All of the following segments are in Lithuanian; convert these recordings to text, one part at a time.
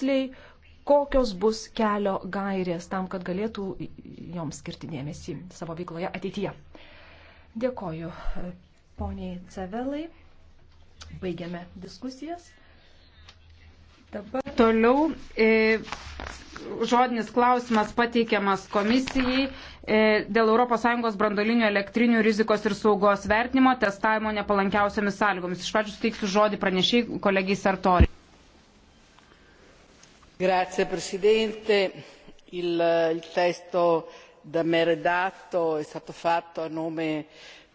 tiksliai, kokios bus kelio gairės tam, kad galėtų joms skirti dėmesį savo veikloje ateityje. Dėkoju poniai Cevelai. Baigiame diskusijas. Dabar... Toliau e, žodinis klausimas pateikiamas komisijai e, dėl ES brandolinio elektrinių rizikos ir saugos vertinimo testavimo nepalankiausiamis sąlygomis. Iš pradžių suteiksiu žodį pranešiai kolegijai Sartori signor presidente il testo da me redatto è stato fatto a nome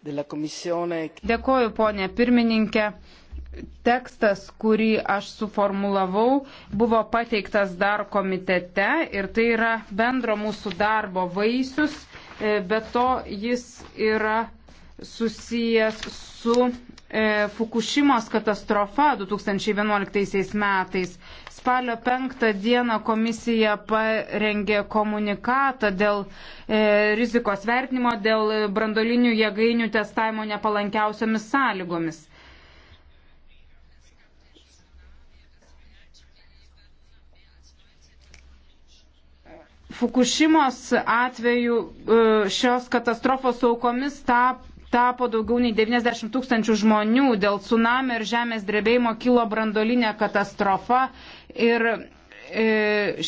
della commissione. dėkoju pone pirmininke. Tekstas, kurį aš suformulavau, buvo pateiktas dar komitete ir tai yra bendro mūsų darbo vaisius, e, bet to jis yra susijęs su e, Fukushimos katastrofa 2011 metais. Spalio penktą dieną komisija parengė komunikatą dėl e, rizikos vertinimo, dėl brandolinių jėgainių testavimo nepalankiausiamis sąlygomis. Fukushimos atveju e, šios katastrofos aukomis tapo tapo daugiau nei 90 tūkstančių žmonių, dėl tsunami ir žemės drebėjimo kilo brandolinė katastrofa ir e,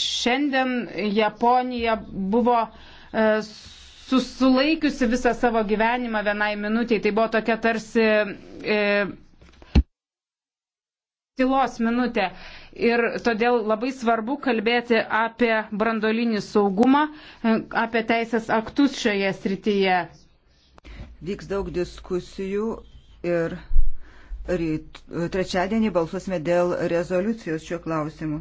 šiandien Japonija buvo e, susulaikiusi visą savo gyvenimą vienai minutiai. Tai buvo tokia tarsi e, tylos minutė. Ir todėl labai svarbu kalbėti apie brandolinį saugumą, e, apie teisės aktus šioje srityje. Vyks daug diskusijų ir ryt, trečiadienį balsuosime dėl rezoliucijos šiuo klausimu.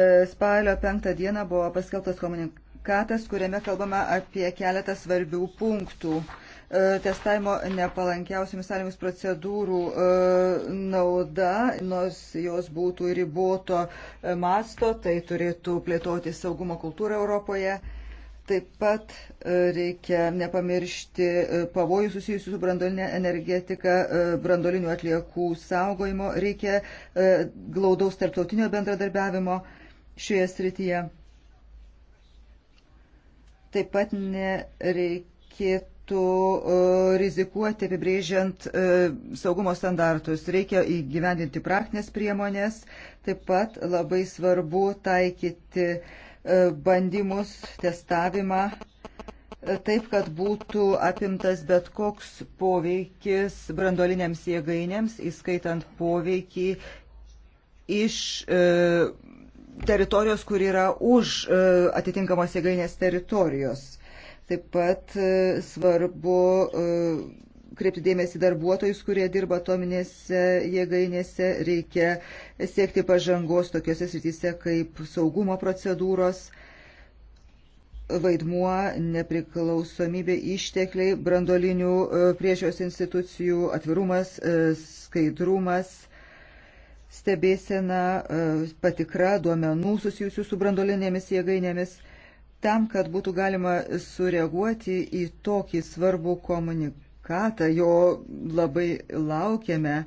E, spalio penktą dieną buvo paskelbtas komunikatas, kuriame kalbama apie keletą svarbių punktų. E, testavimo nepalankiausiamis sąlygomis procedūrų e, nauda, nors jos būtų riboto masto, tai turėtų plėtoti saugumo kultūrą Europoje Taip pat e, reikia nepamiršti e, pavojų susijusių su brandolinė energetika, e, brandolinių atliekų saugojimo, reikia glaudaus tarptautinio bendradarbiavimo šioje srityje. Taip pat nereikėtų rizikuoti apibrėžiant saugumo standartus. Reikia įgyvendinti praktinės priemonės. Taip pat labai svarbu taikyti uh, E, bandymus, testavimą, e, taip, kad būtų apimtas bet koks poveikis brandolinėms jėgainėms, įskaitant poveikį iš e, teritorijos, kur yra už e, atitinkamos jėgainės teritorijos. Taip pat e, svarbu. E, kreipti dėmesį darbuotojus, kurie dirba atominėse jėgainėse, reikia siekti pažangos tokiuose srityse kaip saugumo procedūros, vaidmuo, nepriklausomybė, ištekliai, brandolinių e, priežios institucijų atvirumas, e, skaidrumas stebėsena, e, patikra duomenų susijusių su brandolinėmis jėgainėmis, tam, kad būtų galima sureaguoti į tokį svarbų komunik sveikatą, jo labai laukiame.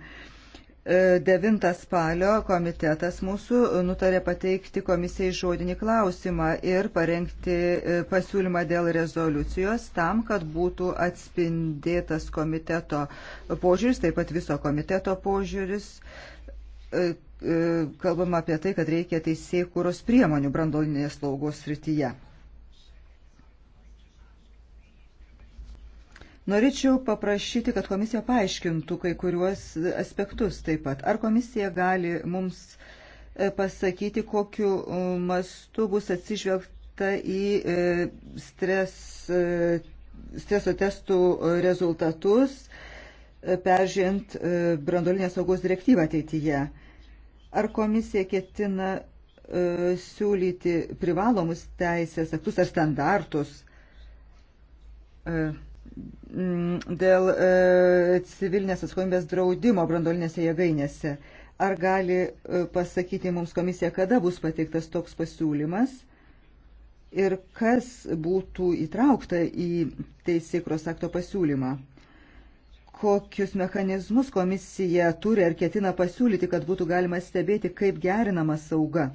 9 e, spalio komitetas mūsų nutarė pateikti komisijai žodinį klausimą ir parengti e, pasiūlymą dėl rezoliucijos tam, kad būtų atspindėtas komiteto požiūris, taip pat viso komiteto požiūris. E, kalbama apie tai, kad reikia teisėjų kūros priemonių brandolinės laugos srityje. Norėčiau paprašyti, kad komisija paaiškintų kai kuriuos aspektus taip pat. Ar komisija gali mums e, pasakyti, kokiu e, mastu bus atsižvelgta į e, stres, streso testų rezultatus, peržiūrint brandolinės saugos direktyvą ateityje? Ar komisija ketina siūlyti privalomus teisės aktus ar standartus? Uh Mm, dėl e, civilinės atsakomybės draudimo brandolinėse jėgainėse. Ar gali e, pasakyti mums komisija, kada bus pateiktas toks pasiūlymas ir kas būtų įtraukta į teisėkros akto pasiūlymą? Kokius mechanizmus komisija turi ar ketina pasiūlyti, kad būtų galima stebėti, kaip gerinama sauga?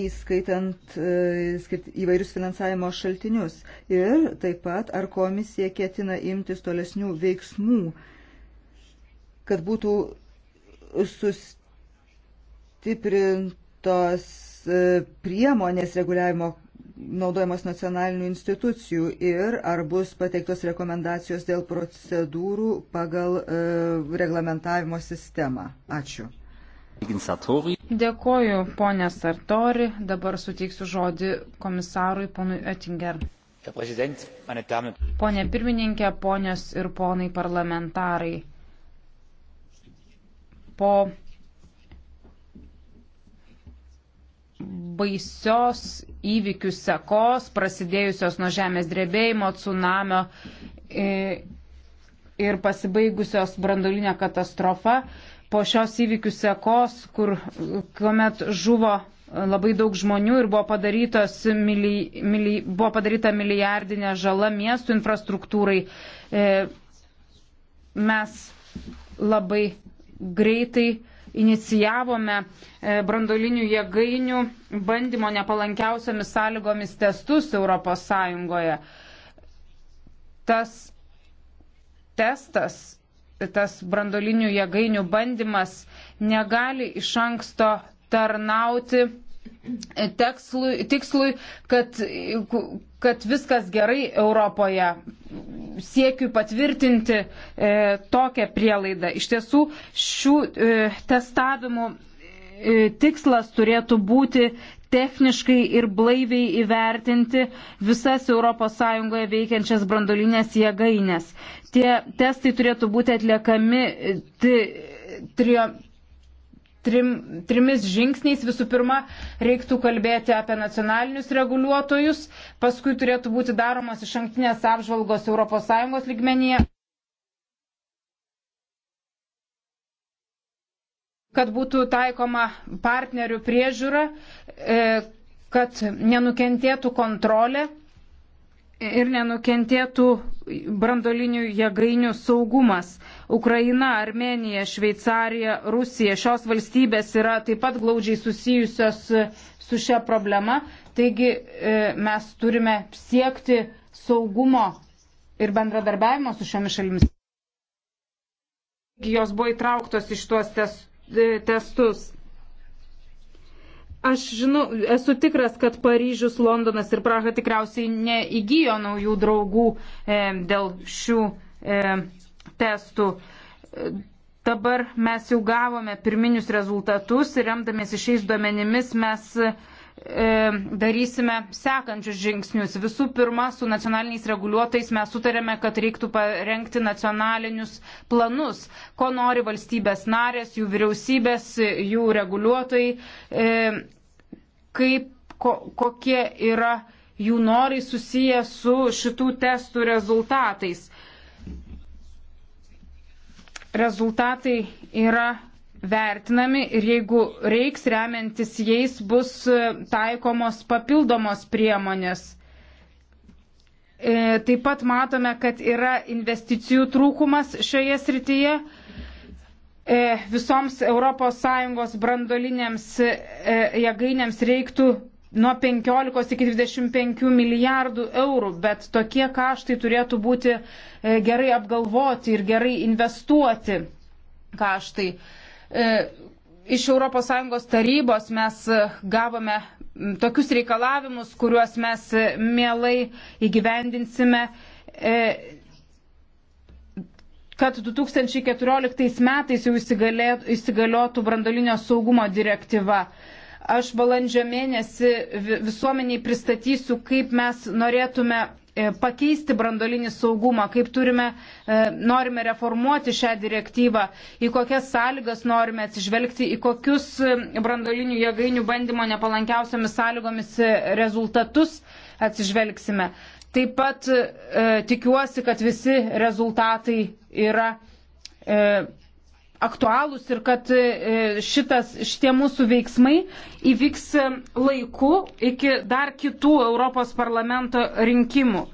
įskaitant e, įvairius finansavimo šaltinius. Ir taip pat, ar komisija ketina imtis tolesnių veiksmų, kad būtų sustiprintos e, priemonės reguliavimo naudojamos nacionalinių institucijų ir ar bus pateiktos rekomendacijos dėl procedūrų pagal e, reglamentavimo sistemą. Ačiū. Dėkoju, ponė Sartori. Dabar suteiksiu žodį komisarui ponui Oettinger. Pone pirmininkė, ponios ir ponai parlamentarai. Po baisios įvykių sekos, prasidėjusios nuo žemės drebėjimo, tsunamio ir pasibaigusios brandolinė katastrofa, po šios įvykių sekos, kur, kuomet žuvo labai daug žmonių ir buvo, mili, mili, buvo padaryta milijardinė žala miestų infrastruktūrai. E, mes labai greitai inicijavome e, brandolinių jėgainių bandymo nepalankiausiamis sąlygomis testus ES. Tas testas tas brandolinių jėgainių bandymas negali iš anksto tarnauti tekslui, tikslui, kad, kad viskas gerai Europoje. Siekiu patvirtinti e, tokią prielaidą. Iš tiesų, šių e, testavimų e, tikslas turėtų būti techniškai ir blaiviai įvertinti visas ES veikiančias brandolinės jėgainės. Tie testai turėtų būti atliekami e, tri, tri, trim, trimis žingsniais. Visų pirma, reiktų kalbėti apie nacionalinius reguliuotojus, paskui turėtų būti daromas iš anktinės apžvalgos ES lygmenyje. kad būtų taikoma partnerių priežiūra, e, kad nenukentėtų kontrolė ir nenukentėtų brandolinių jėgainių saugumas. Ukraina, Armenija, Šveicarija, Rusija, šios valstybės yra taip pat glaudžiai susijusios su šia problema. Taigi e, mes turime siekti saugumo ir bendradarbiavimo su šiomis šalimis. Jos buvo įtrauktos iš tuos testus E, testus. Aš žinau, esu tikras, kad Paryžius, Londonas ir Praha tikriausiai neįgyjo naujų draugų e, dėl šių e, testų. E, dabar mes jau gavome pirminius rezultatus ir remdamėsi šiais duomenimis mes E, darysime sekančius žingsnius. Visų pirma, su nacionaliniais reguliuotais mes sutarėme, kad reiktų parengti nacionalinius planus, ko nori valstybės narės, jų vyriausybės, jų reguliuotojai, e, kaip, ko, kokie yra jų norai susiję su šitų testų rezultatais. Rezultatai yra vertinami ir jeigu reiks remiantis jais bus e, taikomos papildomos priemonės. E, taip pat matome, kad yra investicijų trūkumas šioje srityje e, visoms ES brandolinėms jėgainėms reiktų nuo 15 iki 25 milijardų eurų, bet tokie kaštai turėtų būti gerai apgalvoti ir gerai investuoti kaštai. E, iš ES tarybos mes e, gavome tokius reikalavimus, kuriuos mes e, mielai įgyvendinsime kad 2014 metais jau įsigaliotų brandolinio saugumo direktyva. Aš balandžio mėnesį visuomeniai pristatysiu, kaip mes norėtume E, pakeisti brandolinį saugumą, kaip turime, e, norime reformuoti šią direktyvą, į kokias sąlygas norime atsižvelgti, į kokius e, brandolinių jėgainių bandymo nepalankiausiamis sąlygomis rezultatus atsižvelgsime. Taip pat e, tikiuosi, kad visi rezultatai yra e, aktualūs ir kad e, šitas, šitie mūsų veiksmai įvyks e, laiku iki dar kitų Europos parlamento rinkimų.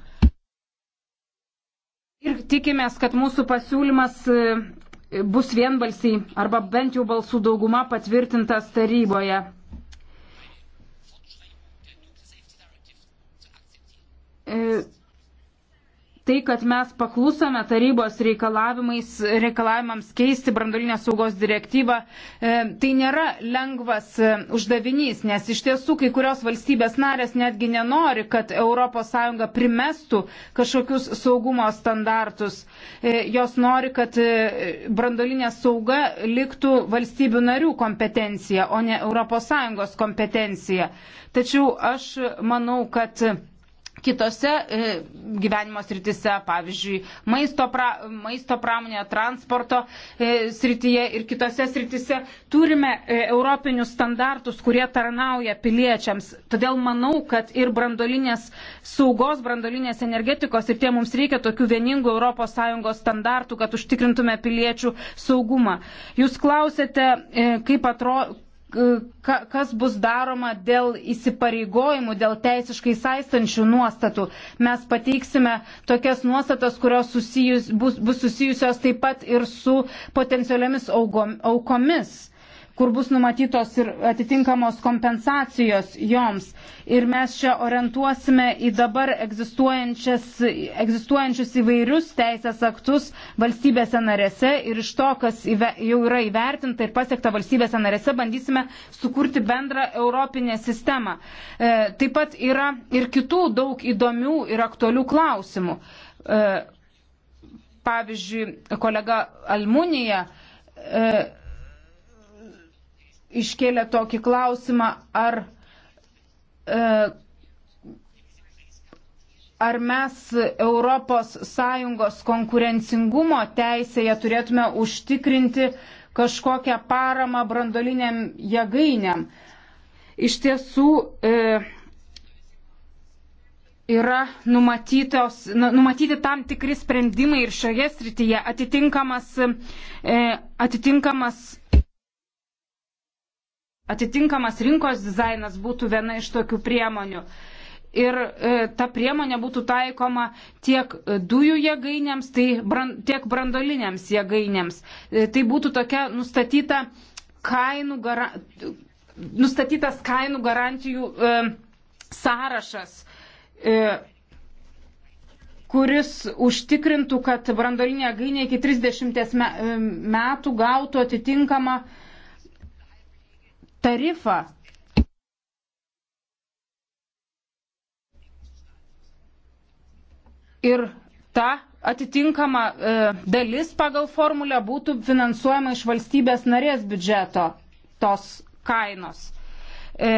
Ir tikimės, kad mūsų pasiūlymas e, bus vienbalsiai arba bent jau balsų dauguma patvirtintas taryboje. E, tai, kad mes paklusome tarybos reikalavimams keisti brandolinės saugos direktyvą, e, tai nėra lengvas e, uždavinys, nes iš tiesų kai kurios valstybės narės netgi nenori, kad ES primestų kažkokius saugumo standartus. E, jos nori, kad brandolinė sauga liktų valstybių narių kompetencija, o ne ES kompetencija. Tačiau aš manau, kad kitose e, gyvenimo sritise, pavyzdžiui, maisto, pra, maisto pramonėje, transporto e, srityje ir kitose sritise turime e, europinius standartus, kurie tarnauja piliečiams. Todėl manau, kad ir brandolinės saugos, brandolinės energetikos ir tie mums reikia tokių vieningų ES standartų, kad užtikrintume piliečių saugumą. Jūs klausėte, kaip atrodo kas bus daroma dėl įsipareigojimų, dėl teisiškai saistančių nuostatų. Mes pateiksime tokias nuostatas, kurios susijus, bus, bus susijusios taip pat ir su potencialiomis aukomis kur bus numatytos ir atitinkamos kompensacijos joms. Ir mes čia orientuosime į dabar egzistuojančius įvairius teisės aktus valstybėse narėse ir iš to, kas jau yra įvertinta ir pasiekta valstybėse narėse, bandysime sukurti bendrą europinę sistemą. E, taip pat yra ir kitų daug įdomių ir aktualių klausimų. E, pavyzdžiui, kolega Almunija e, iškėlė tokį klausimą, ar, e, ar mes ES konkurencingumo teisėje turėtume užtikrinti kažkokią paramą brandoliniam jėgainiam. Iš tiesų, e, yra numatytos, nu, numatyti tam tikri sprendimai ir šioje srityje atitinkamas, e, atitinkamas atitinkamas rinkos dizainas būtų viena iš tokių priemonių. Ir e, ta priemonė būtų taikoma tiek e, dujų jėgainėms, tai bran, tiek brandolinėms jėgainėms. E, tai būtų tokia nustatyta kainų gara, nustatytas kainų garantijų e, sąrašas. E, kuris užtikrintų, kad brandolinė gainė iki 30 e, metų gautų atitinkamą uh, tarifą. Ir ta atitinkama e, dalis pagal formulę būtų finansuojama iš valstybės narės biudžeto tos kainos. E,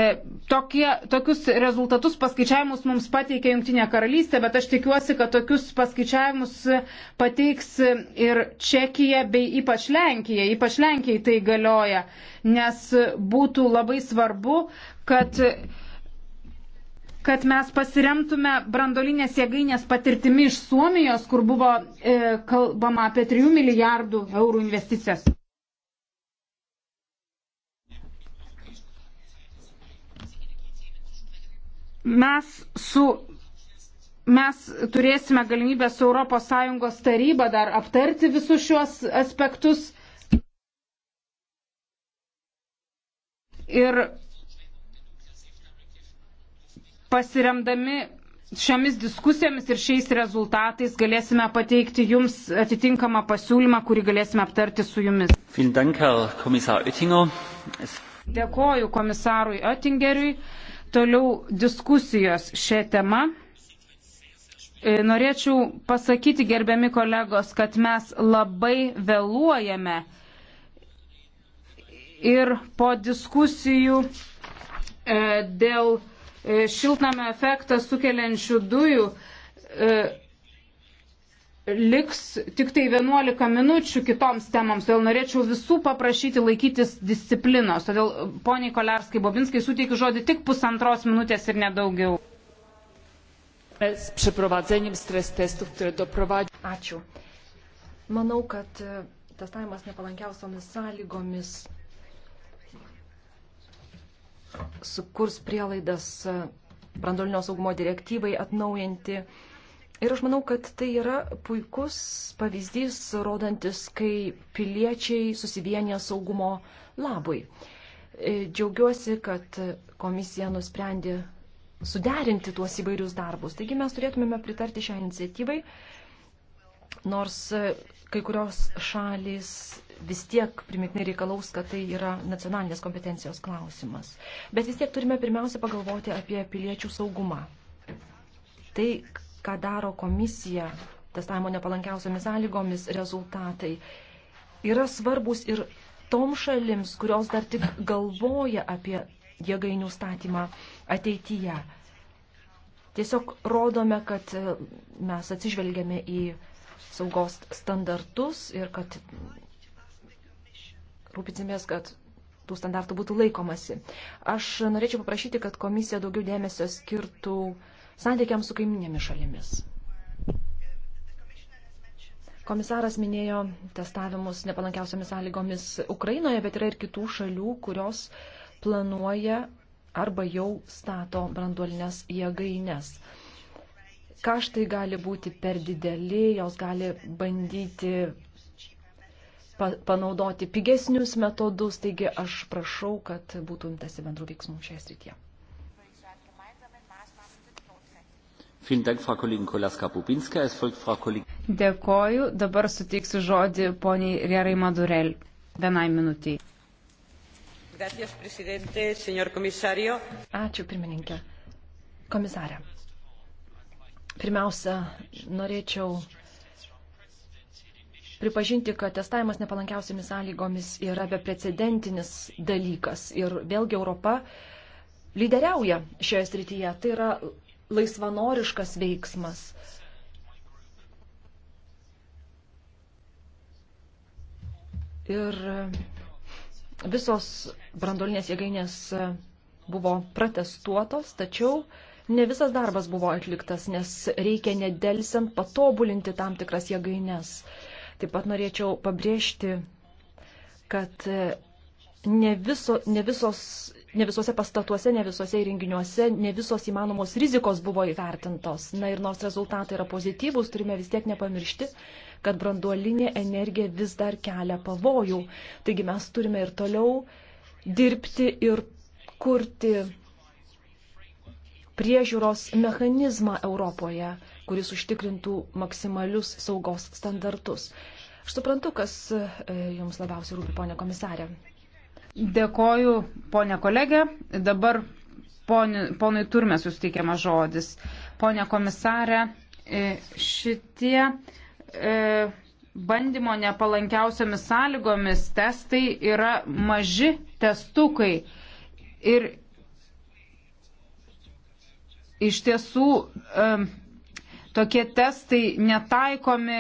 tokie, tokius rezultatus paskaičiavimus mums pateikė Junktinė karalystė, bet aš tikiuosi, kad tokius paskaičiavimus pateiks ir Čekija bei ypač Lenkija. Ypač Lenkijai tai galioja, nes būtų labai svarbu, kad kad mes pasiremtume brandolinės jėgainės patirtimi iš Suomijos, kur buvo e, kalbama apie 3 milijardų eurų investicijas. mes su mes turėsime galimybę su ES taryba dar aptarti visus šiuos aspektus. Ir pasiremdami šiomis diskusijomis ir šiais rezultatais galėsime pateikti jums atitinkamą pasiūlymą, kurį galėsime aptarti su jumis. Dank, Dėkoju komisarui Oettingeriui. Toliau diskusijos šią temą. E, norėčiau pasakyti, gerbiami kolegos, kad mes labai vėluojame ir po diskusijų e, dėl e, šiltnamio efektą sukeliančių dujų liks tik tai 11 minučių kitoms temoms, todėl norėčiau visų paprašyti laikytis disciplinos. Todėl poniai Kolerskai Bobinskai suteikiu žodį tik pusantros minutės ir nedaugiau. Ačiū. Manau, kad e, testavimas nepalankiausiomis sąlygomis sukurs prielaidas e, brandolinio saugumo direktyvai atnaujinti Ir aš manau, kad tai yra puikus pavyzdys, rodantis, kai piliečiai susivienė saugumo labui. E, džiaugiuosi, kad komisija nusprendė suderinti tuos įvairius darbus. Taigi mes turėtumėme pritarti šią iniciatyvai, nors kai kurios šalis vis tiek primiknai reikalaus, kad tai yra nacionalinės kompetencijos klausimas. Bet vis tiek turime pirmiausia pagalvoti apie piliečių saugumą. Tai, ką daro komisija testavimo nepalankiausiamis sąlygomis rezultatai, yra svarbus ir tom šalims, kurios dar tik galvoja apie jėgainių statymą ateityje. Tiesiog rodome, kad e, mes atsižvelgiame į saugos standartus ir kad rūpinsimės, kad tų standartų būtų laikomasi. Aš norėčiau paprašyti, kad komisija daugiau dėmesio skirtų uh, santykiams su kaiminėmis šalimis. Komisaras minėjo testavimus nepalankiausiamis sąlygomis Ukrainoje, bet yra ir kitų šalių, kurios planuoja arba jau stato branduolinės jėgainės. Kaštai gali būti per dideli, jos gali bandyti panaudoti pigesnius metodus, taigi aš prašau, kad būtų imtasi bendrų veiksmų šioje srityje. Dėkoju, dabar suteiksiu žodį poniai Rierai Madurel. Vienai minutiai. Ačiū, pirmininkė. Komisarė. Pirmiausia, norėčiau pripažinti, kad testavimas nepalankiausiamis sąlygomis yra beprecedentinis dalykas. Ir vėlgi Europa lyderiauja šioje srityje. Tai yra laisvanoriškas veiksmas. Ir visos brandolinės jėgainės buvo protestuotos, tačiau ne visas darbas buvo atliktas, nes reikia nedelsiant patobulinti tam tikras jėgainės. Taip pat norėčiau pabrėžti, kad ne, viso, ne visos ne visuose pastatuose, ne visuose įrenginiuose, ne visos įmanomos rizikos buvo įvertintos. Na ir nors rezultatai yra pozityvūs, turime vis tiek nepamiršti, kad branduolinė energija vis dar kelia pavojų. Taigi mes turime ir toliau dirbti ir kurti priežiūros mechanizmą Europoje, kuris užtikrintų maksimalius saugos standartus. Aš suprantu, kas e, jums labiausiai rūpi, ponė komisarė. Dėkoju, ponė kolegė. Dabar poni, ponui turime susteikiamas žodis. Pone komisarė, e, šitie e, bandymo nepalankiausiamis sąlygomis testai yra maži testukai. Ir iš tiesų e, tokie testai netaikomi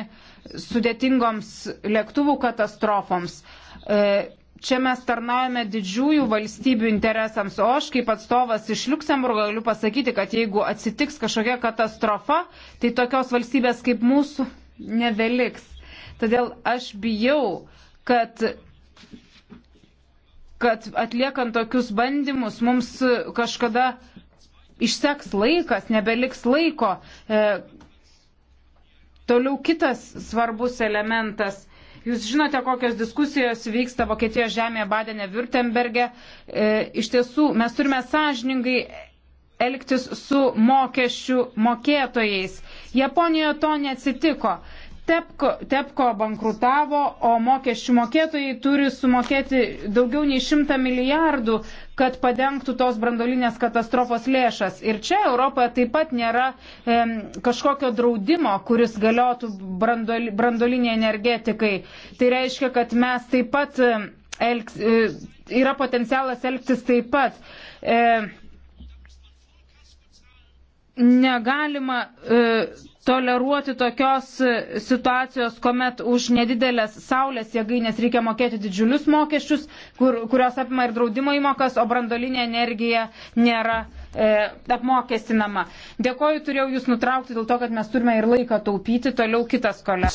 sudėtingoms lėktuvų katastrofoms čia mes tarnaujame didžiųjų valstybių interesams, o aš kaip atstovas iš Luksemburgo galiu pasakyti, kad jeigu atsitiks kažkokia katastrofa, tai tokios valstybės kaip mūsų neveliks. Todėl aš bijau, kad kad atliekant tokius bandymus mums kažkada išseks laikas, nebeliks laiko. E, toliau kitas svarbus elementas Jūs žinote, kokios diskusijos vyksta Vokietijos žemėje Badenė Württemberge. E, iš tiesų, mes turime sąžiningai elgtis su mokesčių mokėtojais. Japonijoje to neatsitiko. Tepko, Tepko bankrutavo, o mokesčių mokėtojai turi sumokėti daugiau nei 100 milijardų, kad padengtų tos brandolinės katastrofos lėšas. Ir čia Europoje taip pat nėra e, kažkokio draudimo, kuris galiotų brandoli, brandoliniai energetikai. Tai reiškia, kad mes taip pat, e, elgs, e, yra potencialas elgtis taip pat. E, negalima e, toleruoti tokios e, situacijos, kuomet už nedidelės saulės jėgainės reikia mokėti didžiulius mokesčius, kur, kurios apima ir draudimo įmokas, o brandolinė energija nėra e, apmokestinama. Dėkoju, turėjau Jūs nutraukti dėl to, kad mes turime ir laiką taupyti. Toliau kitas kolega.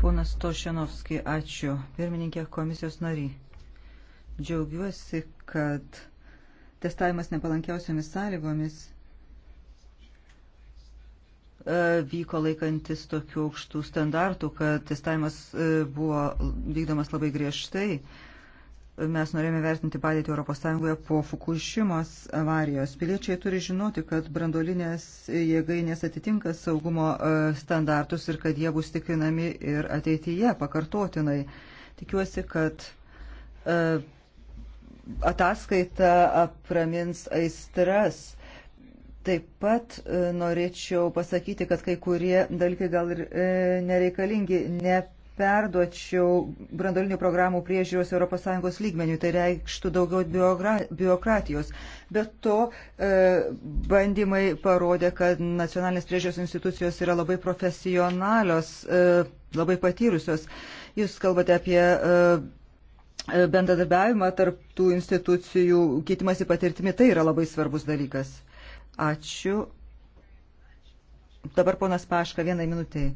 Ponas Tošenovski, ačiū. Pirmininkė komisijos nariai. Džiaugiuosi, kad testavimas nepalankiausiomis sąlygomis E, vyko laikantis tokių aukštų standartų, kad testavimas e, buvo vykdomas labai griežtai. Mes norėjome vertinti padėtį ES po Fukushimos avarijos. Piliečiai turi žinoti, kad brandolinės jėgainės atitinka saugumo e, standartus ir kad jie bus tikrinami ir ateityje pakartotinai. Tikiuosi, kad ataskaita apramins aistras Taip pat e, norėčiau pasakyti, kad kai kurie dalykai gal ir e, nereikalingi, neperduočiau brandolinių programų priežiūros ES lygmenių, tai reikštų daugiau biurokratijos. Bet to e, bandymai parodė, kad nacionalinės priežiūros institucijos yra labai profesionalios, labai patyrusios. Jūs kalbate apie bendradarbiavimą tarp tų institucijų, keitimas į patirtimį, tai yra labai svarbus dalykas. Ačiū. Dabar ponas Paška, vienai minutiai.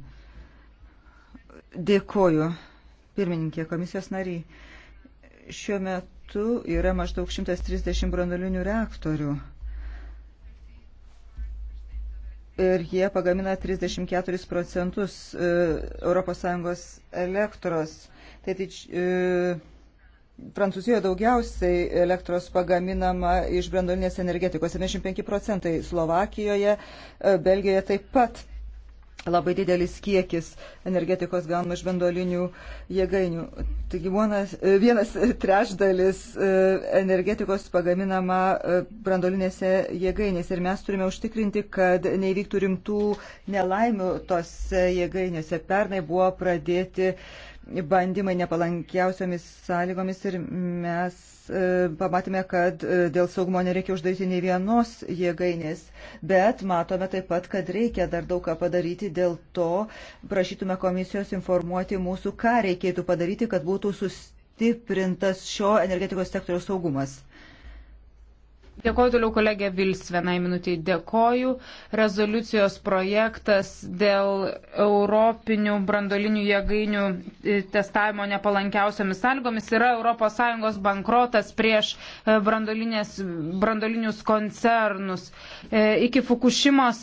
Dėkoju, pirmininkė, komisijos nariai. Šiuo metu yra maždaug 130 branduolinių reaktorių. Ir jie pagamina 34 procentus ES elektros. Tai, tai, e, Prancūzijoje daugiausiai elektros pagaminama iš brandolinės energetikos - 75 procentai, Slovakijoje, e, Belgijoje taip pat labai didelis kiekis energetikos gaunama iš bandolinių jėgainių. Taigi vienas, e, vienas trešdalis e, energetikos pagaminama brandolinėse jėgainėse ir mes turime užtikrinti, kad neįvyktų rimtų nelaimių tose jėgainėse. Pernai buvo pradėti uh, bandymai nepalankiausiamis sąlygomis ir mes e, pamatėme, kad e, dėl saugumo nereikia uždaryti nei vienos jėgainės, bet matome taip pat, kad reikia dar daug ką padaryti, dėl to prašytume komisijos informuoti mūsų, ką reikėtų padaryti, kad būtų sustiprintas šio energetikos sektoriaus saugumas. Dėkoju toliau kolegė Vils vienai minutiai. Dėkoju. Rezoliucijos projektas dėl europinių brandolinių jėgainių e, testavimo nepalankiausiamis sąlygomis yra ES bankrotas prieš e, brandolinius koncernus. E, iki Fukushimos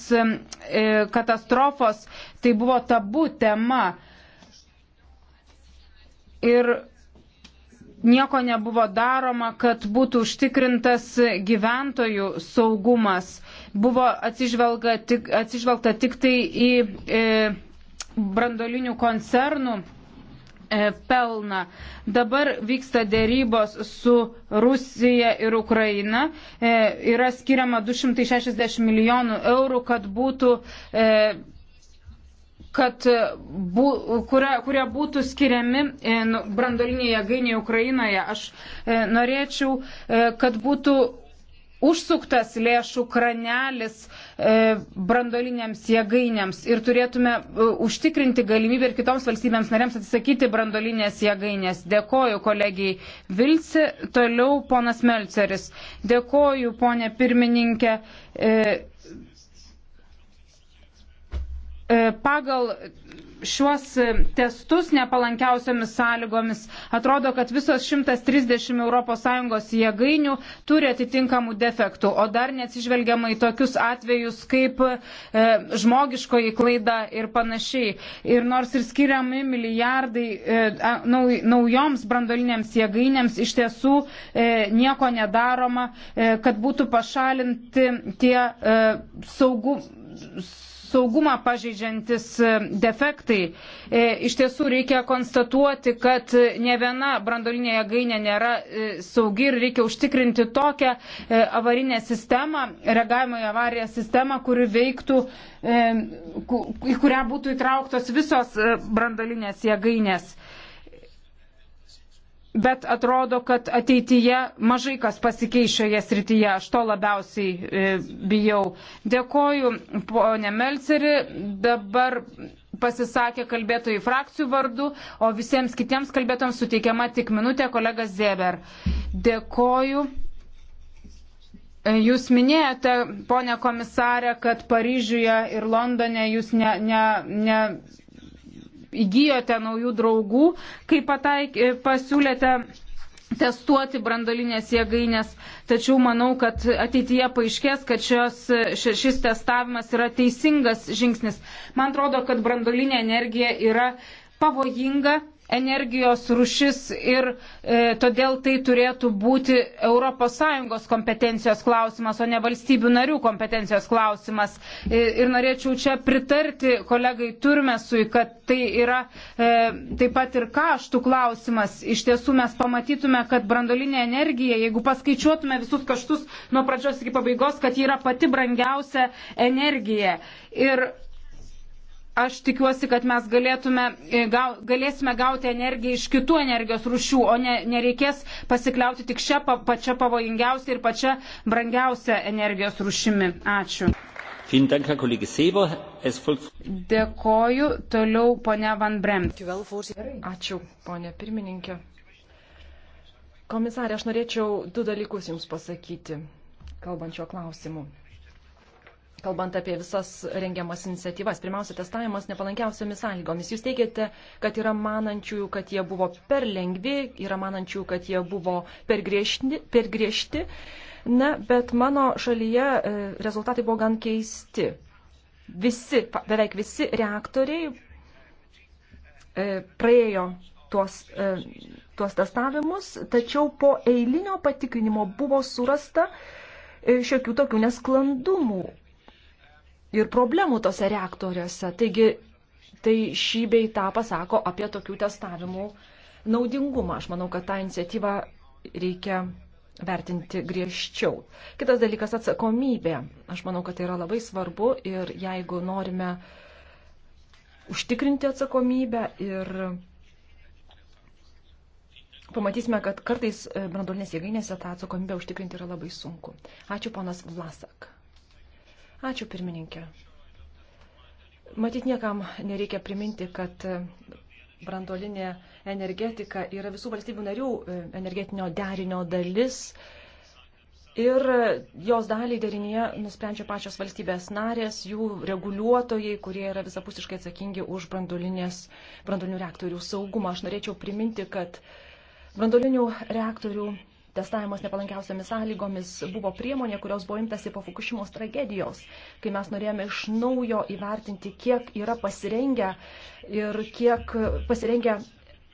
katastrofos tai buvo tabu tema. Ir nieko nebuvo daroma, kad būtų užtikrintas gyventojų saugumas. Buvo atsižvelgta tik, atsižvelgta tik tai į e, brandolinių koncernų e, pelną. Dabar vyksta dėrybos su Rusija ir Ukraina. E, yra skiriama 260 milijonų eurų, kad būtų e, kad e, bu, kuria, kurie būtų skiriami e, nu, brandoliniai jėgainiai Ukrainoje. Aš e, norėčiau, kad būtų užsuktas lėšų kranelis brandoliniams jėgainėms ir turėtume užtikrinti galimybę ir kitoms valstybėms narėms atsisakyti brandolinės jėgainės. Dėkoju kolegijai Vilsi, toliau ponas Melceris. Dėkoju ponė pirmininkė. E, pagal šiuos testus nepalankiausiamis sąlygomis atrodo, kad visos 130 ES jėgainių turi atitinkamų defektų, o dar neatsižvelgiama į tokius atvejus kaip e, žmogiškoji klaida ir panašiai. Ir nors ir skiriami milijardai e, nau, naujoms brandolinėms jėgainėms, iš tiesų e, nieko nedaroma, e, kad būtų pašalinti tie e, saugų saugumą pažeidžiantis e, defektai. E, iš tiesų reikia konstatuoti, kad e, ne viena brandolinė jėgainė nėra saugi ir reikia užtikrinti tokią avarinę sistemą, reagavimo į avariją sistemą, kuri veiktų, į kurią būtų įtrauktos visos brandolinės jėgainės bet atrodo, kad ateityje mažai kas pasikeis šioje srityje. Aš to labiausiai e, bijau. Dėkoju, ponė Melceri. Dabar pasisakė kalbėtojų frakcijų vardu, o visiems kitiems kalbėtojams suteikiama tik minutė kolegas Zeber. Dėkoju. E, jūs minėjote, ponė komisarė, kad Paryžiuje ir Londone jūs ne. ne, ne įgyjote naujų draugų, kai pataik, e, pasiūlėte testuoti brandolinės jėgainės, tačiau manau, kad ateityje paaiškės, kad šios, šis testavimas yra teisingas žingsnis. Man atrodo, kad brandolinė energija yra pavojinga energijos rušis ir e, todėl tai turėtų būti ES kompetencijos klausimas, o ne valstybių narių kompetencijos klausimas. E, ir norėčiau čia pritarti kolegai Turmesui, kad tai yra e, taip pat ir kaštų klausimas. Iš tiesų mes pamatytume, kad brandolinė energija, jeigu paskaičiuotume visus kaštus nuo pradžios iki pabaigos, kad ji yra pati brangiausia energija. Ir aš tikiuosi, kad mes galėtume, e, gau, galėsime gauti energiją iš kitų energijos rušių, o ne, nereikės pasikliauti tik šią pa, pačią pavojingiausią ir pačią brangiausią energijos rušimi. Ačiū. Dėkoju. Toliau ponia Van Bremt. Ačiū, ponia pirmininkė. Komisarė, aš norėčiau du dalykus Jums pasakyti, kalbančio klausimu kalbant apie visas rengiamas iniciatyvas. Pirmiausia, testavimas nepalankiausiamis sąlygomis. Jūs teigiate, kad yra manančių, kad jie buvo per lengvi, yra manančių, kad jie buvo per griežti. Per griežti. Na, bet mano šalyje e, rezultatai buvo gan keisti. Visi, beveik visi reaktoriai e, praėjo tuos, e, tuos testavimus, tačiau po eilinio patikrinimo buvo surasta šiokių tokių nesklandumų ir problemų tose reaktoriuose. Taigi tai šį bei tą pasako apie tokių testavimų naudingumą. Aš manau, kad tą iniciatyvą reikia vertinti griežčiau. Kitas dalykas - atsakomybė. Aš manau, kad tai yra labai svarbu ir jeigu norime užtikrinti atsakomybę ir pamatysime, kad kartais branduolinės jėgainėse tą atsakomybę užtikrinti yra labai sunku. Ačiū, ponas Vlasak. Ačiū pirmininkė. Matyt, niekam nereikia priminti, kad brandolinė energetika yra visų valstybių narių e, energetinio derinio dalis. Ir jos dalį derinėje nusprendžia pačios valstybės narės, jų reguliuotojai, kurie yra visapusiškai atsakingi už brandolinių reaktorių saugumą. Aš norėčiau priminti, kad brandolinių reaktorių testavimas nepalankiausiamis sąlygomis buvo priemonė, kurios buvo imtasi po Fukushimos tragedijos, kai mes norėjome iš naujo įvertinti, kiek yra pasirengę ir kiek pasirengę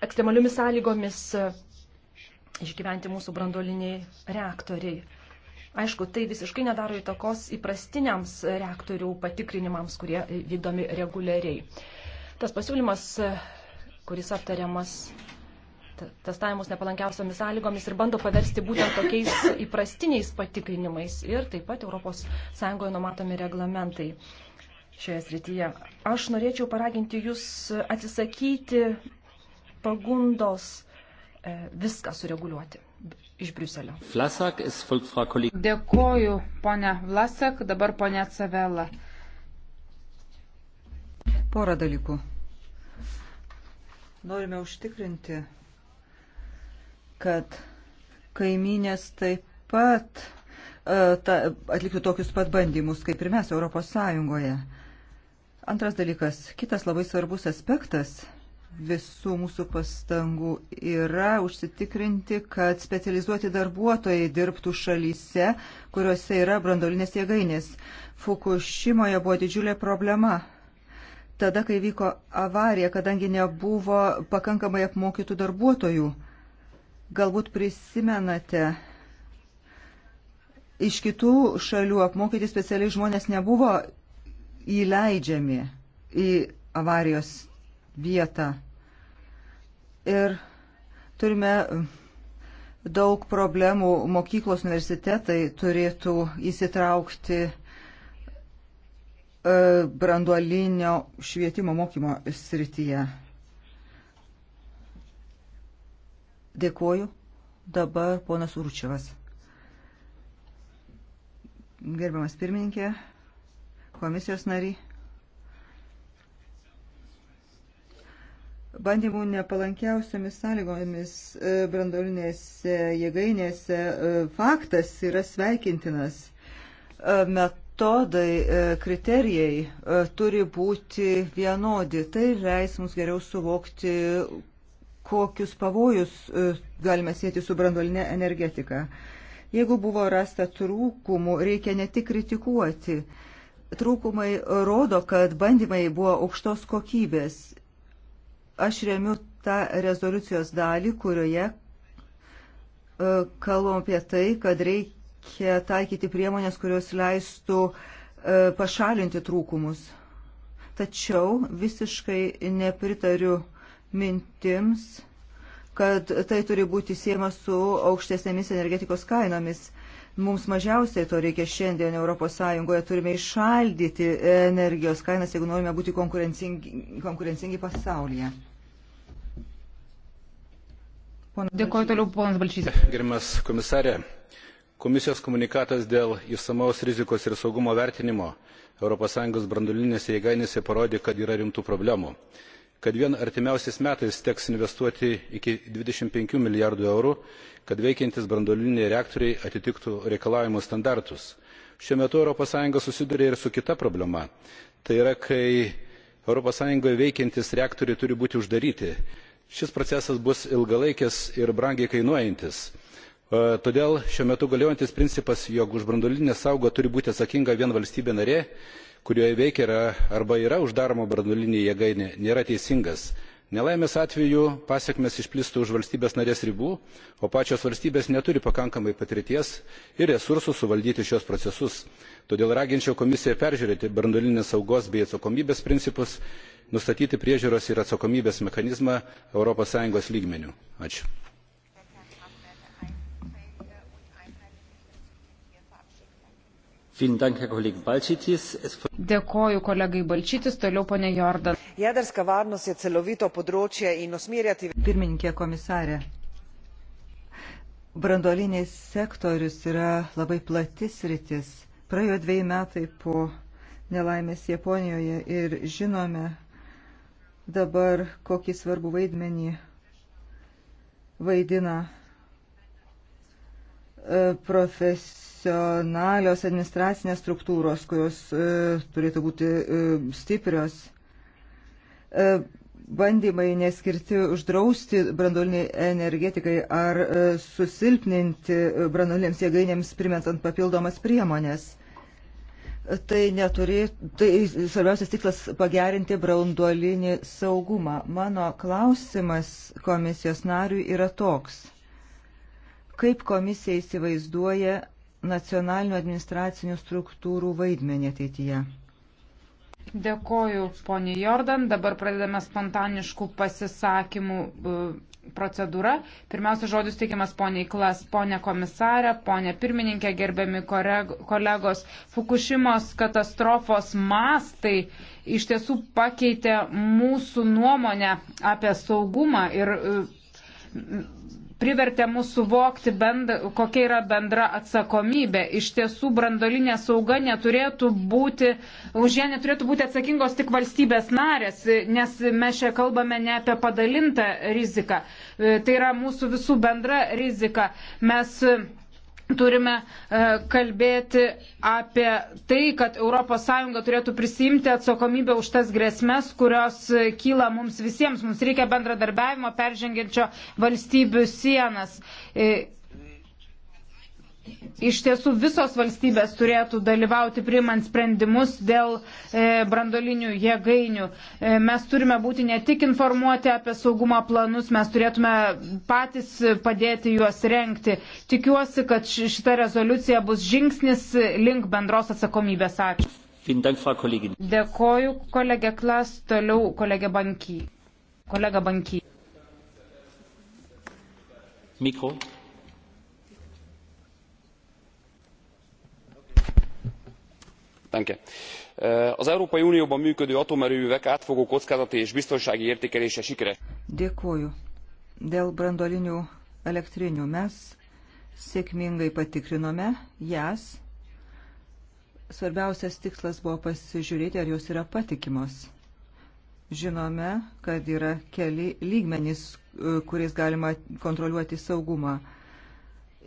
ekstremaliomis sąlygomis e, išgyventi mūsų brandoliniai reaktoriai. Aišku, tai visiškai nedaro įtakos įprastiniams reaktorių patikrinimams, kurie vykdomi reguliariai. Tas pasiūlymas, e, kuris aptariamas testavimus nepalankiausiamis sąlygomis ir bando paversti būtent tokiais įprastiniais patikrinimais ir taip pat ES numatomi reglamentai šioje srityje. Aš norėčiau paraginti Jūs atsisakyti pagundos e, viską sureguliuoti iš Briuselio. Vlasak, Dėkoju, ponia Vlasak, dabar ponia Cavela. Porą dalykų. Norime užtikrinti kad kaiminės taip pat e, ta, atliktų tokius pat bandymus, kaip ir mes Europos Sąjungoje. Antras dalykas, kitas labai svarbus aspektas visų mūsų pastangų yra užsitikrinti, kad specializuoti darbuotojai dirbtų šalyse, kuriuose yra brandolinės jėgainės. Fukushimoje buvo didžiulė problema. Tada, kai vyko avarija, kadangi nebuvo pakankamai apmokytų darbuotojų. Galbūt prisimenate, iš kitų šalių apmokyti specialiai žmonės nebuvo įleidžiami į avarijos vietą. Ir turime daug problemų. Mokyklos universitetai turėtų įsitraukti e, branduolinio švietimo mokymo srityje. Dėkuoju. Dabar ponas Určiavas. Gerbiamas pirmininkė, komisijos nariai. Bandymų nepalankiausiamis sąlygomis e, brandolinėse jėgainėse e, faktas yra sveikintinas. E, metodai, kriterijai turi būti vienodi. Tai leis mums geriau suvokti, kokius pavojus e, galime sėti su brandolinė energetika. Jeigu buvo rasta trūkumų, reikia ne tik kritikuoti. Trūkumai rodo, kad bandymai buvo aukštos kokybės. Aš remiu tą rezoliucijos dalį, kurioje e, kalbam apie tai, kad reikia taikyti priemonės, kurios leistų e, pašalinti trūkumus. Tačiau visiškai nepritariu mintims, kad tai turi būti siejama su aukštesnėmis energetikos kainomis. Mums mažiausiai to reikia šiandien ES, turime išaldyti energijos kainas, jeigu norime būti konkurencingi, konkurencingi pasaulyje. Pona... Dėkuoju toliau, ponas Balčys. Gerimas komisarė, komisijos komunikatas dėl išsamaus rizikos ir saugumo vertinimo ES branduolinėse jėgainėse parodė, kad yra rimtų problemų kad vien artimiausiais metais teks investuoti iki dvidešimt penki milijardų eurų kad veikiantys branduoliniai reaktoriai atitiktų reikalaujamų standartus. šiuo metu europos sąjunga susiduria ir su kita problema tai yra kai europos sąjungoje veikiantys reaktoriai turi būti uždaryti. šis procesas bus ilgalaikis ir brangiai kainuojantis. E, todėl šiuo metu galiojantis principas jog už branduolinę saugą turi būti atsakinga vien valstybė narė kurioje veikia yra, arba yra uždaroma branduolinė jėgainė, nėra teisingas. Nelaimės atveju pasiekmes išplistų už valstybės narės ribų, o pačios valstybės neturi pakankamai patirties ir resursų suvaldyti šios procesus. Todėl raginčiau komisiją peržiūrėti branduolinės saugos bei atsakomybės principus, nustatyti priežiūros ir atsakomybės mechanizmą ES lygmenių. Ačiū. Dėkoju kolegai Balčytis, toliau ponė Jordan. Jedrska varnost je celovito področje in usmerjati. Pirmininkė komisarė. Brandolinis sektorius yra labai platis rytis. Praėjo dviejai metai po nelaimės Japonijoje ir žinome dabar, kokį svarbų vaidmenį vaidina E, profesionalios administracinės struktūros, kurios e, turėtų būti e, stiprios. Bandymai neskirti uždrausti branduolinį energetikai ar susilpninti branduolinėms jėgainėms primetant papildomas priemonės tai neturi, tai svarbiausias tikslas pagerinti branduolinį saugumą. Mano klausimas komisijos nariui yra toks. Kaip komisija įsivaizduoja nacionalinių administracinių struktūrų vaidmenį ateityje? Dėkoju, ponė Jordan. Dabar pradedame spontaniškų pasisakymų e, procedūrą. Pirmiausia, žodis teikiamas poniai Klas, ponė komisarė, ponė pirmininkė, gerbiami kolegos. Fukushimos katastrofos mastai iš tiesų pakeitė mūsų nuomonę apie saugumą ir e, privertė mus suvokti, bend, kokia yra bendra atsakomybė. Iš tiesų, brandolinė sauga neturėtų būti, už ją neturėtų būti atsakingos tik valstybės narės, nes mes čia kalbame ne apie padalintą riziką. E, tai yra mūsų visų bendra rizika. Mes turime e, kalbėti apie tai, kad ES turėtų prisimti atsakomybę už tas grėsmės, kurios kyla mums visiems. Mums reikia bendradarbiavimo peržengiančio valstybių sienas. E, iš tiesų visos valstybės turėtų dalyvauti priimant sprendimus dėl e, brandolinių jėgainių. E, mes turime būti ne tik informuoti apie saugumo planus, mes turėtume patys padėti juos renkti. Tikiuosi, kad šita rezoliucija bus žingsnis link bendros atsakomybės. Ačiū. Dėkoju, kolegė Klas, toliau kolegė Banky. Kolega Banky. Mikro. az európai unióban működő atomerőművek átfogó kockázati és biztonsági értékelése sikeres. Dėkuoju. Dėl brandolinių elektrinių mes sėkmingai patikrinome jas. Svarbiausias tikslas buvo pasižiūrėti, ar jos yra patikimos. Žinome, kad yra keli lygmenys, e, kuriais galima kontroliuoti saugumą.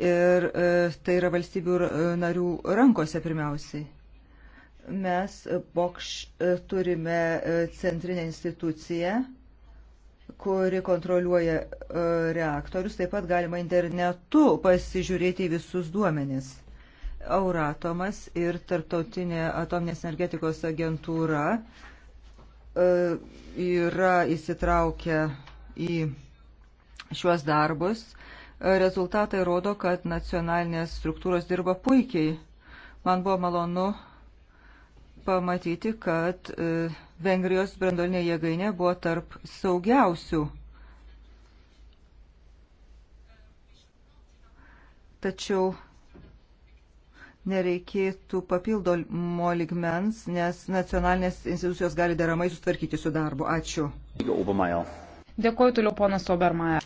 Ir e, tai yra valstybių e, narių rankose pirmiausiai. Mes e, bokš, e, turime e, centrinę instituciją, kuri kontroliuoja reaktorius. Taip pat galima internetu pasižiūrėti visus duomenis. Euratomas ir Tartautinė atominės energetikos agentūra yra įsitraukę į šiuos darbus. Rezultatai rodo, kad nacionalinės struktūros dirba puikiai. Man buvo malonu pamatyti, kad e, Vengrijos brandolinė jėgainė buvo tarp saugiausių. Tačiau nereikėtų papildomo ligmens, nes nacionalinės institucijos gali deramai sustvarkyti su darbu. Ačiū. Dėkuoju toliau, ponas Obermaja.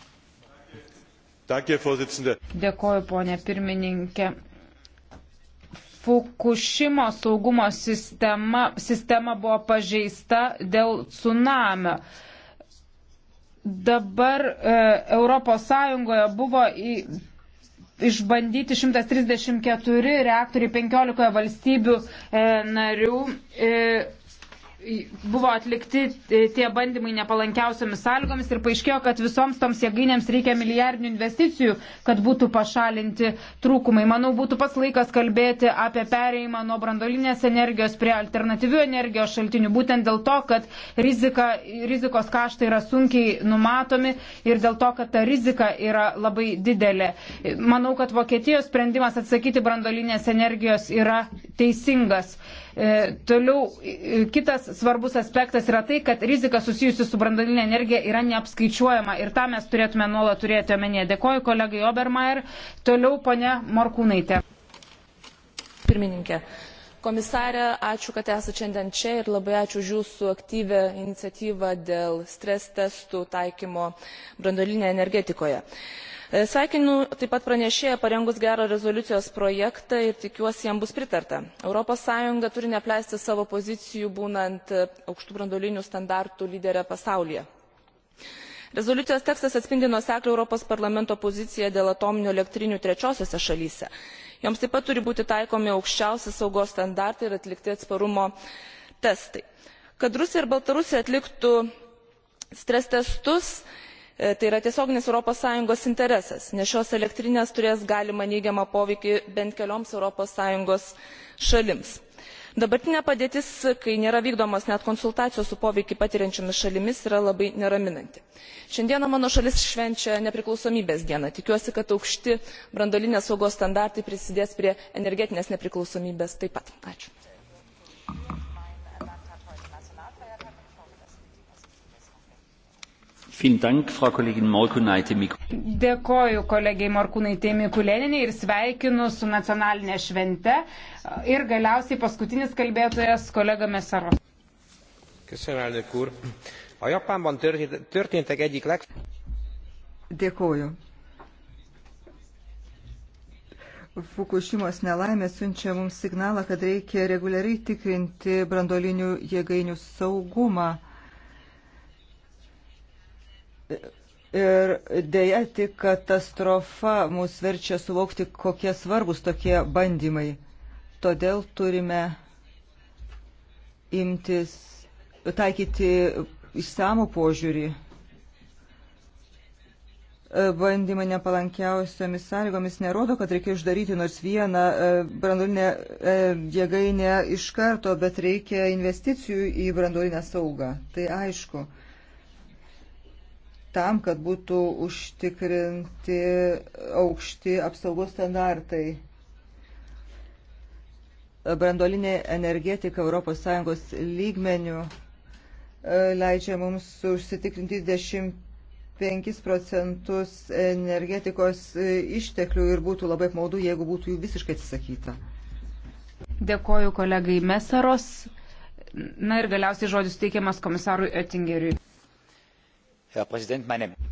Dėkuoju, ponė pirmininkė. Fukushimo saugumo sistema, sistema buvo pažeista dėl tsunamio. Dabar e, ES buvo į, išbandyti 134 reaktoriai 15 valstybių e, narių. E, buvo atlikti e, tie bandymai nepalankiausiamis sąlygomis ir paaiškėjo, kad visoms toms jėgainėms reikia milijardinių investicijų, kad būtų pašalinti trūkumai. Manau, būtų pats laikas kalbėti apie pereimą nuo brandolinės energijos prie alternatyvių energijos šaltinių, būtent dėl to, kad rizika, rizikos kaštai yra sunkiai numatomi ir dėl to, kad ta rizika yra labai didelė. Manau, kad Vokietijos sprendimas atsakyti brandolinės energijos yra teisingas. Uh, E, toliau e, kitas svarbus aspektas yra tai, kad rizika susijusi su brandalinė energija yra neapskaičiuojama ir tą mes turėtume nuolat turėti omenyje. Dėkoju kolegai Obermeier. Toliau ponia Morkūnaitė. Pirmininkė. Komisarė, ačiū, kad esate šiandien čia ir labai ačiū už jūsų aktyvę iniciatyvą dėl stres testų taikymo brandolinėje energetikoje. Uh, E, sveikinu taip pat pranešėją parengus gerą rezoliucijos projektą ir tikiuosi jam bus pritarta. europos sąjunga turi neapleisti savo pozicijų būnant e, aukštų branduolinių standartų lydere pasaulyje rezoliucijos tekstas atspindi nuoseklią europos parlamento poziciją dėl atominių elektrinių trečiosiose šalyse joms taip pat turi būti taikomi aukščiausi saugos standartai ir atlikti atsparumo testai. kad rusija ir baltarusija atliktų stres testus E, tai yra tiesioginis europos sąjungos interesas nes šios elektrinės turės galimą neigiamą poveikį bent kelioms europos sąjungos šalims. dabartinė padėtis kai nėra vykdomos net konsultacijos su poveikį patiriančiomis šalimis yra labai neraminanti. šiandien mano šalis švenčia nepriklausomybės dieną tikiuosi kad aukšti branduolinės saugos standartai prisidės prie energetinės nepriklausomybės taip pat. ačiū. Dėkoju kolegiai Morkunaitė Mikulėninė ir sveikinu su nacionalinė švente. Ir galiausiai paskutinis kalbėtojas kolega Mesaro. Dėkoju. Fukushimos nelaimė siunčia mums signalą, kad reikia reguliariai tikrinti brandolinių jėgainių saugumą. Ir dėja tik katastrofa mus verčia suvokti, kokie svarbus tokie bandymai. Todėl turime imtis, taikyti išsamų požiūrį. Bandymai nepalankiausiomis sąlygomis nerodo, kad reikia uždaryti nors vieną e, branduolinę e, jėgainę iš karto, bet reikia investicijų į branduolinę saugą. Tai aišku tam, kad būtų užtikrinti aukšti apsaugos standartai brandolinė energetika ES lygmenių e, leidžia mums užsitikrinti 25 procentus energetikos e, išteklių ir būtų labai apmaudu, jeigu būtų jų visiškai atsisakyta. Dėkoju kolegai Mesaros. Na ir galiausiai žodis teikiamas komisarui Ettingeriui.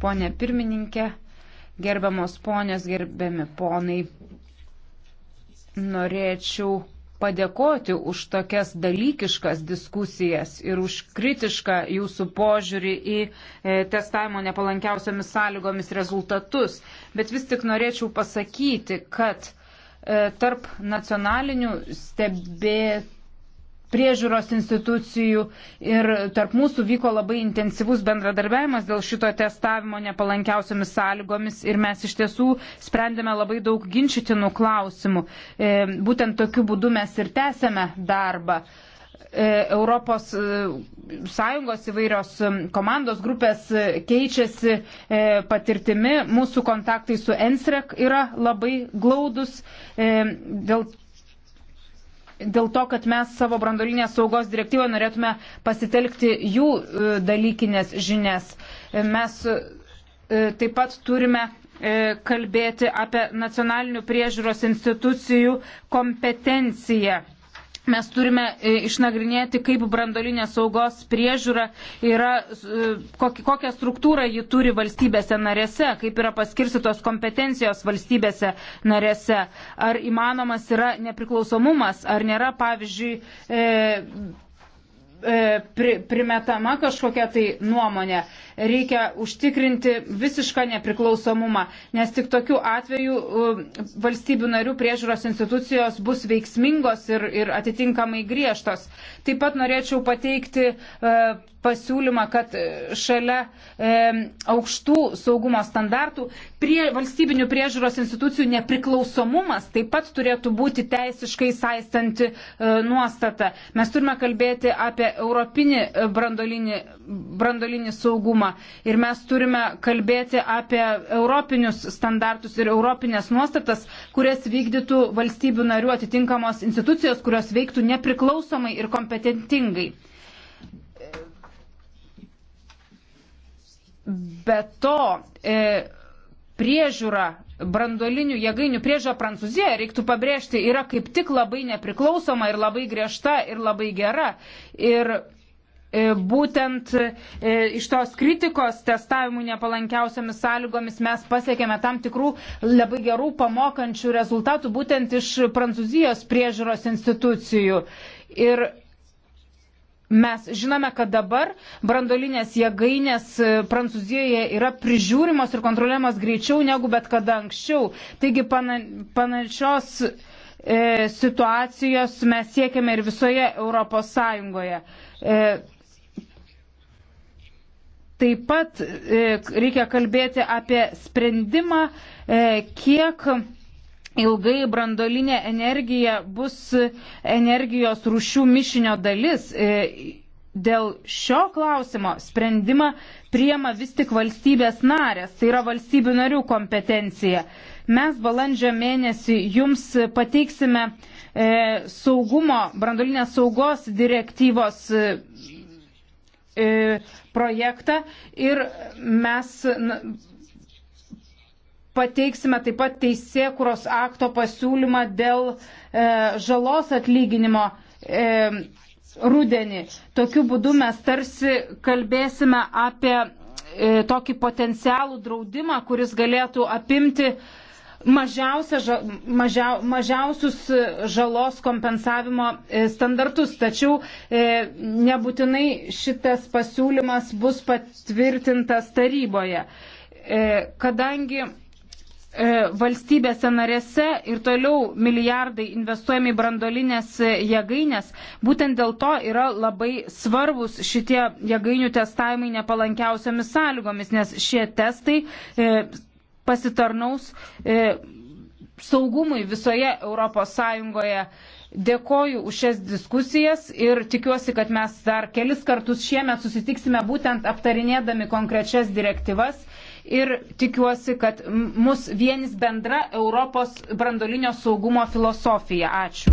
Pone pirmininkė, gerbiamos ponios, gerbiami ponai, norėčiau padėkoti už tokias dalykiškas diskusijas ir už kritišką jūsų požiūrį į e, testavimo nepalankiausiamis sąlygomis rezultatus. Bet vis tik norėčiau pasakyti, kad e, tarp nacionalinių stebėtojų priežiūros institucijų ir tarp mūsų vyko labai intensyvus bendradarbiavimas dėl šito testavimo nepalankiausiamis sąlygomis ir mes iš tiesų sprendėme labai daug ginčytinų klausimų. E, būtent tokiu būdu mes ir tęsėme darbą. E, Europos e, Sąjungos įvairios komandos grupės keičiasi patirtimi, mūsų kontaktai su ENSREK yra labai glaudus, dėl dėl to, kad mes savo brandolinės saugos direktyvoje norėtume pasitelkti jų e, dalykinės žinias. E, mes e, taip pat turime kalbėti apie nacionalinių priežiūros institucijų kompetenciją mes turime e, išnagrinėti, kaip brandolinės saugos priežiūra yra, e, kokią struktūrą ji turi valstybėse narėse, kaip yra paskirstytos kompetencijos valstybėse narėse, ar įmanomas yra nepriklausomumas, ar nėra, pavyzdžiui, e, e, pri, primetama kažkokia tai nuomonė. E, reikia užtikrinti visišką nepriklausomumą, nes tik tokiu atveju um, valstybių narių priežiūros institucijos bus veiksmingos ir, ir atitinkamai griežtos. Taip pat norėčiau pateikti uh, pasiūlymą, kad uh, šalia e, aukštų saugumo standartų prie valstybinių priežiūros institucijų nepriklausomumas taip pat turėtų būti teisiškai saistanti e, nuostata. Mes turime kalbėti apie europinį brandolinį brandolinį saugumą. Ir mes turime kalbėti apie europinius standartus ir europinės nuostatas, kurias vykdytų valstybių narių atitinkamos institucijos, kurios veiktų nepriklausomai ir kompetentingai. Be to, e, priežiūra branduolinių jėgainių priežą Prancūziją, reiktų pabrėžti, yra kaip tik labai nepriklausoma ir labai griežta ir labai gera. Ir E, būtent e, iš tos kritikos testavimui nepalankiausiamis sąlygomis mes pasiekėme tam tikrų labai gerų pamokančių rezultatų būtent iš Prancūzijos priežiūros institucijų. Ir mes žinome, kad dabar brandolinės jėgainės e, Prancūzijoje yra prižiūrimos ir kontroliuojamos greičiau negu bet kada anksčiau. Taigi panašios situacijos mes siekiame ir visoje Europos Sąjungoje. Taip pat e, reikia kalbėti apie sprendimą, e, kiek ilgai brandolinė energija bus energijos rūšių mišinio dalis. E, dėl šio klausimo sprendimą priema vis tik valstybės narės, tai yra valstybių narių kompetencija. Mes balandžio mėnesį jums pateiksime e, saugumo, brandolinės saugos direktyvos e, projektą ir mes pateiksime taip pat teisėkuros akto pasiūlymą dėl e, žalos atlyginimo e, rudenį. Tokiu būdu mes tarsi kalbėsime apie e, tokį potencialų draudimą, kuris galėtų apimti e, mažiausia, mažiau, mažiausius e, žalos kompensavimo e, standartus. Tačiau e, nebūtinai šitas pasiūlymas bus patvirtintas taryboje, kadangi valstybėse narėse ir toliau milijardai investuojami brandolinės jėgainės. Būtent dėl to yra labai svarbus šitie jėgainių testavimai nepalankiausiamis sąlygomis, nes šie testai pasitarnaus e, saugumui visoje ES. Dėkoju už šias diskusijas ir tikiuosi, kad mes dar kelis kartus šiemet susitiksime būtent aptarinėdami konkrečias direktyvas ir tikiuosi, kad mus vienis bendra Europos brandolinio saugumo filosofija. Ačiū.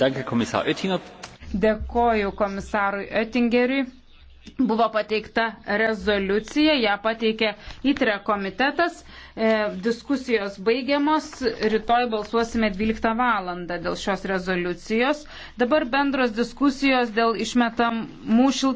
Dank, komisar Dėkoju komisarui Oettingeriui buvo pateikta rezoliucija, ją pateikė įtre komitetas. E, diskusijos baigiamos, rytoj balsuosime 12 valandą dėl šios rezoliucijos. Dabar bendros diskusijos dėl išmetamų šiltų.